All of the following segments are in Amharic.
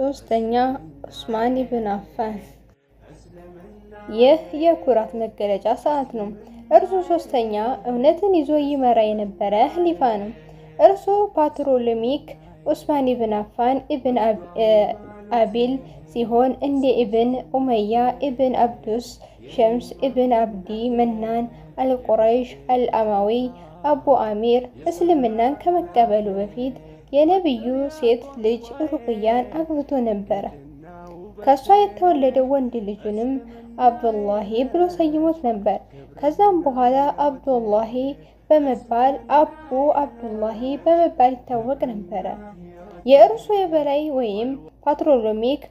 ሶስተኛ ዑስማን ኢብን አፋን። ይህ የኩራት መገለጫ ሰዓት ነው። እርሱ ሶስተኛ እውነትን ይዞ ይመራ የነበረ ህሊፋ ነው። እርሱ ፓትሮሎሚክ ኡስማን ኢብን አፋን ኢብን አቢል ሲሆን እንደ ኢብን ኡመያ ኢብን አብዱስ ሸምስ ኢብን አብዲ መናን አልቁረይሽ አልአማዊ አቡ አሚር እስልምናን ከመቀበሉ በፊት የነቢዩ ሴት ልጅ ሩቅያን አግብቶ ነበረ። ከእሷ የተወለደው ወንድ ልጁንም አብዱላሂ ብሎ ሰይሞት ነበር። ከዛም በኋላ አብዱላሂ በመባል አቡ አብዱላሂ በመባል ይታወቅ ነበረ። የእርሱ የበላይ ወይም ፓትሮሎሚክ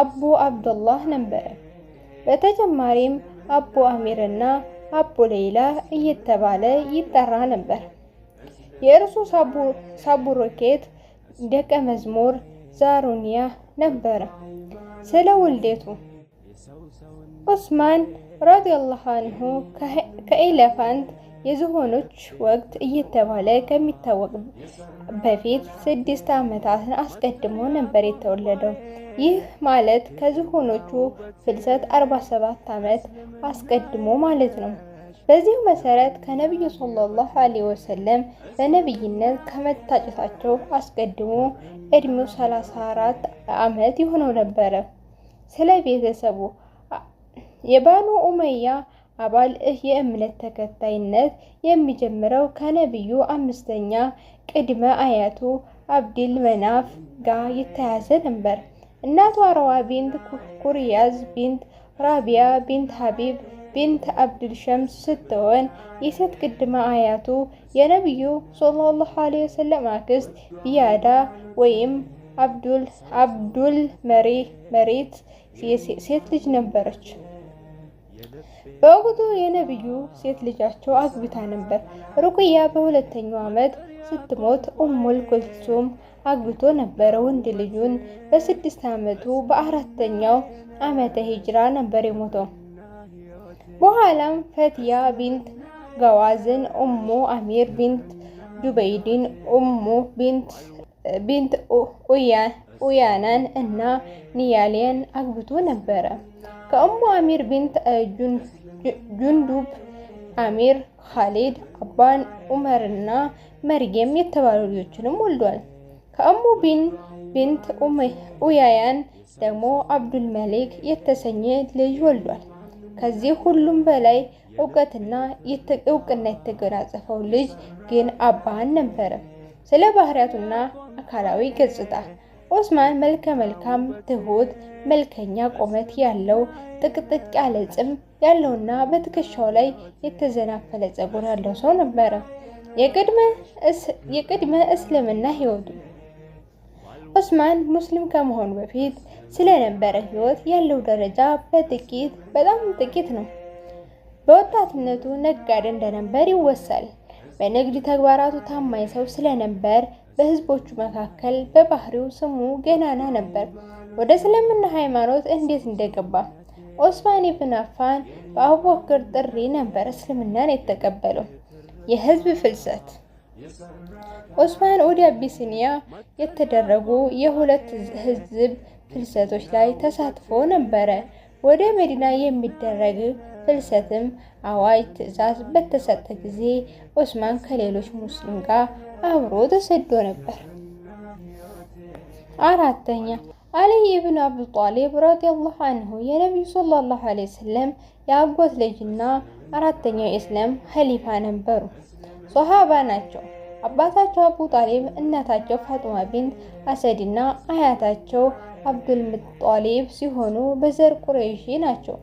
አቡ አብዱላህ ነበረ። በተጨማሪም አቡ አሚርና አቡ ሌይላ እየተባለ ይጠራ ነበር። የእርሱ ሳቡሮኬት ደቀ መዝሙር ዛሩኒያ ነበረ። ስለ ውልደቱ ዑስማን ረዲየላሁ አንሁ ከኤለፋንት የዝሆኖች ወቅት እየተባለ ከሚታወቅ በፊት ስድስት ዓመታትን አስቀድሞ ነበር የተወለደው። ይህ ማለት ከዝሆኖቹ ፍልሰት 47 ዓመት አስቀድሞ ማለት ነው። በዚሁ መሰረት ከነቢዩ ሰለላሁ ዐለይሂ ወሰለም በነቢይነት ከመታጨታቸው አስቀድሞ እድሜው 34 ዓመት የሆነው ነበረ። ስለ ቤተሰቡ የባኑ ኡመያ አባል የእምነት ተከታይነት የሚጀምረው ከነቢዩ አምስተኛ ቅድመ አያቱ አብድል መናፍ ጋር የተያዘ ነበር። እናቷ ረዋ ቢንት ኩርያዝ ቢንት ራቢያ ቢንት ሀቢብ ቢንት አብድል ሸምስ ስትሆን የሴት ቅድመ አያቱ የነቢዩ ሰለላሁ ዐለይሂ ወሰለም አክስት ቢያዳ ወይም አብዱል አብዱል መሬት ሴት ልጅ ነበረች። በወቅቱ የነቢዩ ሴት ልጃቸው አግብታ ነበር። ሩቅያ በሁለተኛው ዓመት ስትሞት ኡሙል ኩልሱም አግብቶ ነበረ። ወንድ ልጁን በስድስት ዓመቱ በአራተኛው ዓመተ ሂጅራ ነበር የሞተው። በኋላም ፈትያ ቢንት ገዋዝን፣ ኡሙ አሚር ቢንት ጁበይድን፣ ኡሙ ቢንት ኡያናን እና ኒያሊያን አግብቶ ነበረ። ከኡሙ አሚር ቢንት ጁንዱብ አሚር፣ ካሊድ፣ አባን፣ ዑመርና መርየም የተባሉ ልጆችንም ወልዷል። ከእሙ ቢንት ኡያያን ደግሞ አብዱል መሌክ የተሰኘ ልጅ ወልዷል። ከዚህ ሁሉም በላይ እውቀትና እውቅና የተጎናጸፈው ልጅ ግን አባህን ነበረ። ስለ ባህሪያቱና አካላዊ ገጽታ ኦስማን መልከ መልካም፣ ትሁት፣ መልከኛ ቁመት ያለው ጥቅጥቅ ያለ ጽም ያለውና በትከሻው ላይ የተዘናፈለ ጸጉር ያለው ሰው ነበረ። የቅድመ እስልምና ህይወቱ ኦስማን ሙስሊም ከመሆኑ በፊት ስለነበረ ህይወት ያለው ደረጃ በጥቂት በጣም ጥቂት ነው። በወጣትነቱ ነጋዴ እንደነበር ይወሳል። በንግድ ተግባራቱ ታማኝ ሰው ስለነበር በህዝቦቹ መካከል በባህሪው ስሙ ገናና ነበር። ወደ እስልምና ሃይማኖት እንዴት እንደገባ ኦስማን ኢብን አፋን በአቡበክር ጥሪ ነበር እስልምናን የተቀበለው። የህዝብ ፍልሰት ኦስማን ወደ አቢሲኒያ የተደረጉ የሁለት ህዝብ ፍልሰቶች ላይ ተሳትፎ ነበረ። ወደ መዲና የሚደረግ ፍልሰትም አዋጅ ትዕዛዝ በተሰጠ ጊዜ ኦስማን ከሌሎች ሙስሊም ጋር አብሮ ተሰዶ ነበር። አራተኛ አልይ ኢብኑ አቢ ጣሊብ ረዲየላሁ አንሁ የነቢዩ ሰለላሁ ዐለይሂ ወሰለም የአጎት ልጅና አራተኛው የእስላም ኸሊፋ ነበሩ። ሶሃባ ናቸው። አባታቸው አቡ ጣሊብ፣ እናታቸው ፋጡማ ቢንት አሰድና አያታቸው አብዱል ሙጣሊብ ሲሆኑ በዘር ቁረይሺ ናቸው።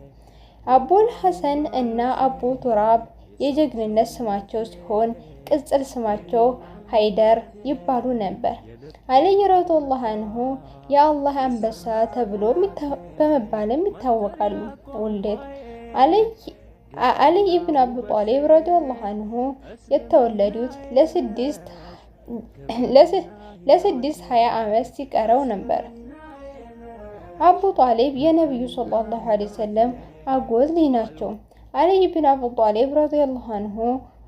አቡል ሐሰን እና አቡ ቱራብ የጀግንነት ስማቸው ሲሆን ቅጽል ስማቸው ሀይደር ይባሉ ነበር። አልይ ረዲየላሁ አንሁ የአላህ አንበሳ ተብሎ በመባልም ይታወቃሉ። ውልደት አልይ አልይ ኢብን አቢ ጣሊብ ረዲየላሁ አንሁ የተወለዱት ለስድስት ሀያ ዓመት ሲቀረው ነበር። አቡ ጣሊብ የነቢዩ ሰለላሁ ዐለይሂ ወሰለም አጎት ልጅ ናቸው። አሊይ ኢብን አቢ ጣሊብ ረዲየላሁ አንሁ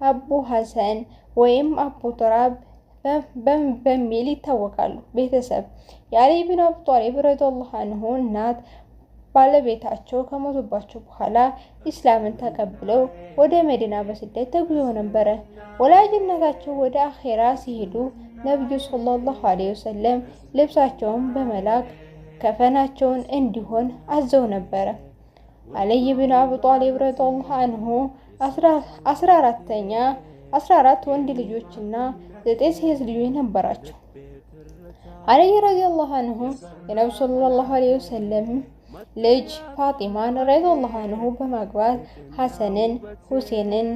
አቡ ሐሰን ወይም አቡ ቱራብ በሚል ይታወቃሉ። ቤተሰብ የአልይ ኢብን አቢ ጣሊብ ረዲየላሁ አንሁ እናት ባለቤታቸው ከሞቱባቸው በኋላ ኢስላምን ተቀብለው ወደ መዲና በስደት ተጉዞ ነበረ። ወላጅነታቸው ወደ አኼራ ሲሄዱ ነቢዩ ሰለላሁ ዐለይሂ ወሰለም ልብሳቸውን በመላክ ከፈናቸውን እንዲሆን አዘው ነበረ። አልይ ብን አቡ ጣሊብ ረዲየላሁ አንሁ አስራ አራተኛ አስራ አራት ወንድ ልጆችና ዘጠኝ ሴት ልጆች ነበራቸው። አልይ ረዲየላሁ አንሁ የነብዩ ሰለላሁ ዐለይሂ ወሰለም ልጅ ፋጢማን ረዲየላሁ አንሁ በማግባት ሐሰንን፣ ሁሴንን፣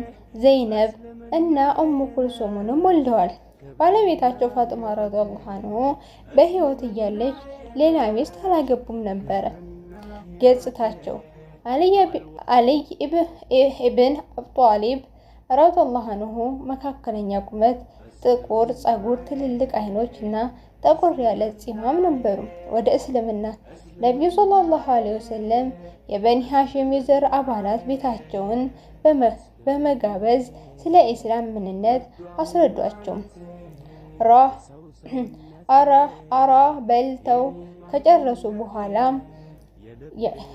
ዘይነብ እና ኡሙ ኩልሱሙንም ወልደዋል። ባለቤታቸው ፋጢማ ረዲየላሁ አንሁ በሕይወት እያለች ሌላ ሚስት አላገቡም ነበረ። ገጽታቸው አልይ ኢብን አብጧሊብ ረዲየላሁ አንሁ መካከለኛ ቁመት፣ ጥቁር ፀጉር፣ ትልልቅ አይኖች እና ጠቆር ያለ ጺማም ነበሩ። ወደ እስልምና ነቢዩ ሰለላሁ ዐለይሂ ወሰለም የበኒ ሐሽም የዘር አባላት ቤታቸውን በመጋበዝ ስለ ኢስላም ምንነት አስረዷቸው። አራ በልተው ከጨረሱ በኋላ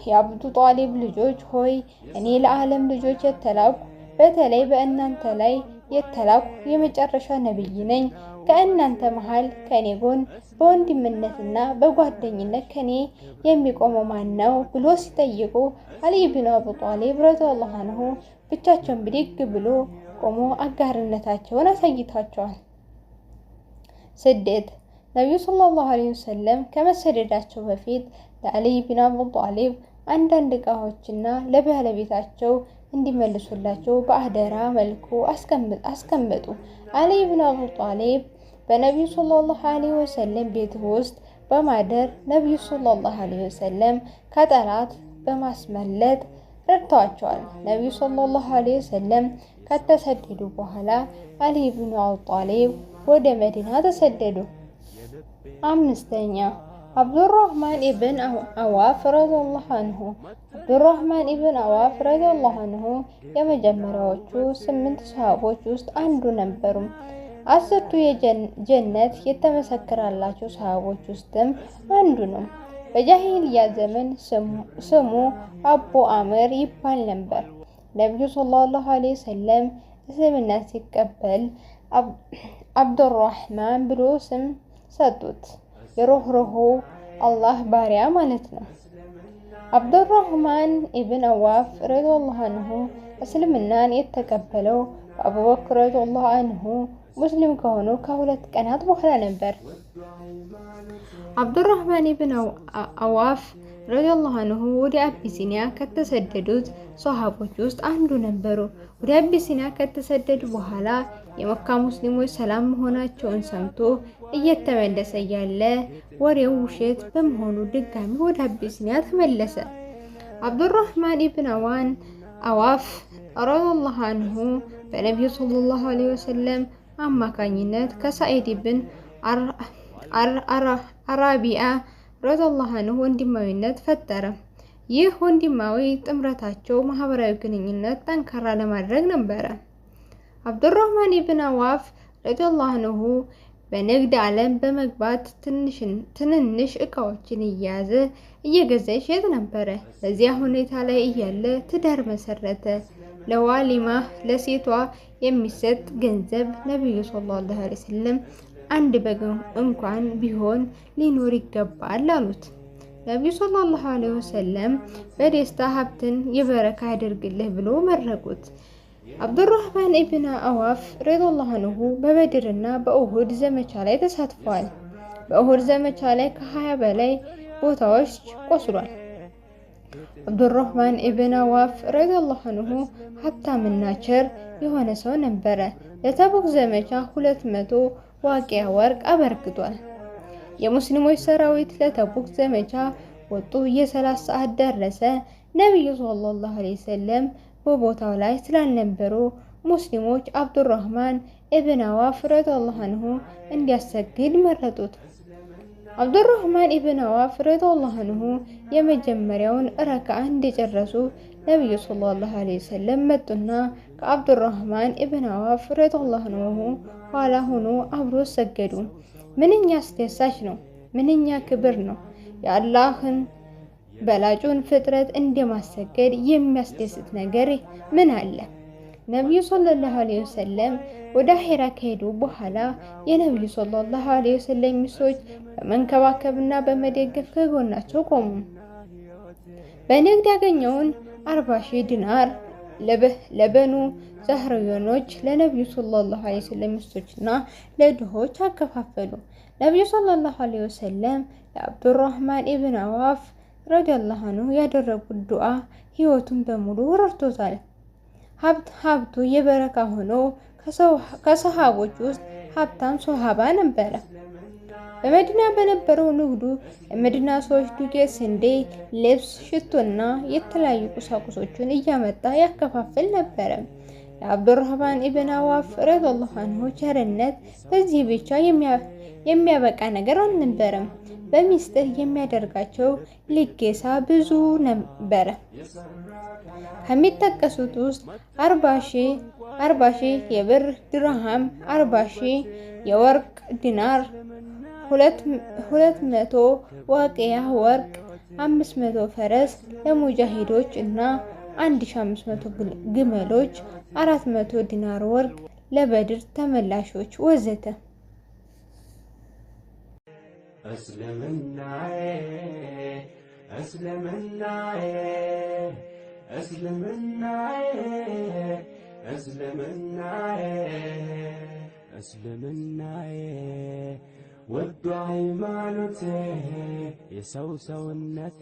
የአብዱ ጣሊብ ልጆች ሆይ እኔ ለዓለም ልጆች የተላኩ በተለይ በእናንተ ላይ የተላኩ የመጨረሻ ነቢይ ነኝ። ከእናንተ መሃል ከእኔ ጎን በወንድምነትና በጓደኝነት ከኔ የሚቆመው ማን ነው ብሎ ሲጠይቁ አልይ ብኑ አቡ ጣሊብ ረዲየላሁ አንሁ ብቻቸውን ብድግ ብሎ ቆሞ አጋርነታቸውን አሳይቷቸዋል። ስደት ነቢዩ ሰለላሁ ዐለይሂ ወሰለም ከመሰደዳቸው በፊት ለአልይ ቢን አቡ ጣሊብ አንዳንድ ዕቃዎችና ለባለቤታቸው እንዲመልሱላቸው በአደራ መልኩ አስቀምጡ። አሊ ብን አቡ ጣሊብ በነቢዩ ሰለላሁ አለይሂ ወሰለም ቤት ውስጥ በማደር ነቢዩ ሰለላሁ አለይሂ ወሰለም ከጠላት በማስመለጥ ረድተዋቸዋል። ነቢዩ ሰለላሁ አለይሂ ወሰለም ከተሰደዱ በኋላ አሊ ብን አቡ ጣሊብ ወደ መዲና ተሰደዱ። አምስተኛ አብዱራህማን ኢብን አዋፍ ረዲየላሁ አንሁ አብዱራህማን ኢብን አዋፍ ረዲየላሁ አንሁ የመጀመሪያዎቹ ስምንት ሰሃቦች ውስጥ አንዱ ነበሩ። አስርቱ የጀነት የተመሰከረላቸው ሰሃቦች ውስጥም አንዱ ነው። በጃሂልያ ዘመን ስሙ አቡ አምር ይባል ነበር። ነቢዩ ሰለላሁ ዐለይሂ ወሰለም እስልምና ሲቀበል አብዱራህማን ብሎ ስም ሰጡት። የሮህሮሆ አላህ ባሪያ ማለት ነው። አብዱራህማን ኢብን አዋፍ ረዲየላሁ አንሁ እስልምናን የተቀበለው በአቡበክር ረዲየላሁ አንሁ ሙስሊም ከሆኑ ከሁለት ቀናት በኋላ ነበር። አብዱራህማን ኢብን አዋፍ ረዲየላሁ አንሁ ወደ አቢሲኒያ ከተሰደዱት ሶሃቦች ውስጥ አንዱ ነበሩ። ወደ አቢሲኒያ ከተሰደዱ በኋላ የመካ ሙስሊሞች ሰላም መሆናቸውን ሰምቶ እየተመለሰ ያለ ወሬው ውሸት በመሆኑ ድጋሚ ወደ አቢሲኒያ ተመለሰ። አብዱራህማን ኢብን አዋን አዋፍ ረዲየላሁ አንሁ በነቢዩ ሰለላሁ ዐለይሂ ወሰለም አማካኝነት ከሳኢድ ብን አራቢያ ረዲየላሁ አንሁ ወንድማዊነት ፈጠረ። ይህ ወንድማዊ ጥምረታቸው ማህበራዊ ግንኙነት ጠንካራ ለማድረግ ነበረ። አብዱራህማን ኢብን አዋፍ ረዲየላሁ አንሁ በንግድ ዓለም በመግባት ትንንሽ እቃዎችን እያያዘ እየገዛ ይሸጥ ነበረ። በዚያ ሁኔታ ላይ እያለ ትዳር መሰረተ። ለዋሊማ ለሴቷ የሚሰጥ ገንዘብ ነቢዩ ሰለላሁ ዐለይሂ ወሰለም አንድ በግ እንኳን ቢሆን ሊኖር ይገባል አሉት። ነቢዩ ሰለላሁ ዐለይሂ ወሰለም በደስታ ሀብትን የበረካ ያደርግልህ ብሎ መረቁት። አብዱራህማን ኢብን አዋፍ ረዲየላሁ አንሁ በበድርና በኡሁድ ዘመቻ ላይ ተሳትፈዋል። በኡሁድ ዘመቻ ላይ ከ20 በላይ ቦታዎች ቆስሏል። አብዱራህማን ኢብን አዋፍ ረዲየላሁ አንሁ ሀብታምና ቸር የሆነ ሰው ነበረ። ለተቡክ ዘመቻ 200 ዋቂያ ወርቅ አበርክቷል። የሙስሊሞች ሰራዊት ለተቡክ ዘመቻ ወጡ። የሰላት ሰዓት ደረሰ። ነቢዩ ሰለላሁ ዐለይሂ ወሰለም በቦታው ላይ ስላልነበሩ ሙስሊሞች አብዱራህማን ኢብን አዋፍ ረዲየላሁ አንሁ እንዲያሰግድ መረጡት። አብዱራህማን ኢብን አዋፍ ረዲየላሁ አንሁ የመጀመሪያውን ረክዓ እንደጨረሱ ነቢዩ ሰለላሁ ዐለይሂ ወሰለም መጡና ከአብዱራህማን ኢብን አዋፍ ረዲየላሁ አንሁ ኋላ ሆኖ አብሮ ሰገዱ። ምንኛ አስደሳች ነው! ምንኛ ክብር ነው! የአላህን በላጩን ፍጥረት እንደማሰገድ የሚያስደስት ነገር ምን አለ? ነቢዩ ሰለላሁ ዐለይሂ ወሰለም ወደ አሄራ ከሄዱ በኋላ የነቢዩ ሰለላሁ ዐለይሂ ወሰለም ሚስቶች በመንከባከብና በመደገፍ ከጎናቸው ቆሙ። በንግድ ያገኘውን አርባ ሺህ ዲናር ለበኑ ዛህርዮኖች ለነቢዩ ሰለላሁ ዐለይሂ ወሰለም ሚስቶችና ለድሆች አከፋፈሉ። ነቢዩ ሰለላሁ ዐለይሂ ወሰለም ለአብዱራህማን ኢብን አዋፍ ረዲያላሁ አንሁ ያደረጉት ዱዓ ህይወቱን በሙሉ ረድቶታል። ሀብት ሀብቱ የበረካ ሆኖ ከሰሃቦች ውስጥ ሀብታም ሶሃባ ነበረ። በመዲና በነበረው ንግዱ የመዲና ሰዎች ዱቄት፣ ስንዴ፣ ልብስ፣ ሽቶና የተለያዩ ቁሳቁሶችን እያመጣ ያከፋፍል ነበረ። የአብዱራህማን ኢብን አዋፍ ረዲየላሁ አንሁ ቸርነት በዚህ ብቻ የሚያበቃ ነገር አልነበረም። በሚስትህ የሚያደርጋቸው ልገሳ ብዙ ነበረ። ከሚጠቀሱት ውስጥ አርባ ሺህ የብር ድርሃም፣ አርባ ሺህ የወርቅ ዲናር፣ ሁለት መቶ ዋቅያ ወርቅ፣ አምስት መቶ ፈረስ ለሙጃሂዶች እና አንድ ሺህ አምስት መቶ ግመሎች፣ አራት መቶ ዲናር ወርቅ ለበድር ተመላሾች ወዘተ እስልምናዬ እስልምናዬ እስልምናዬ እስልምናዬ እስልምናዬ ውዱ ሃይማኖቴ የሰው ሰውነት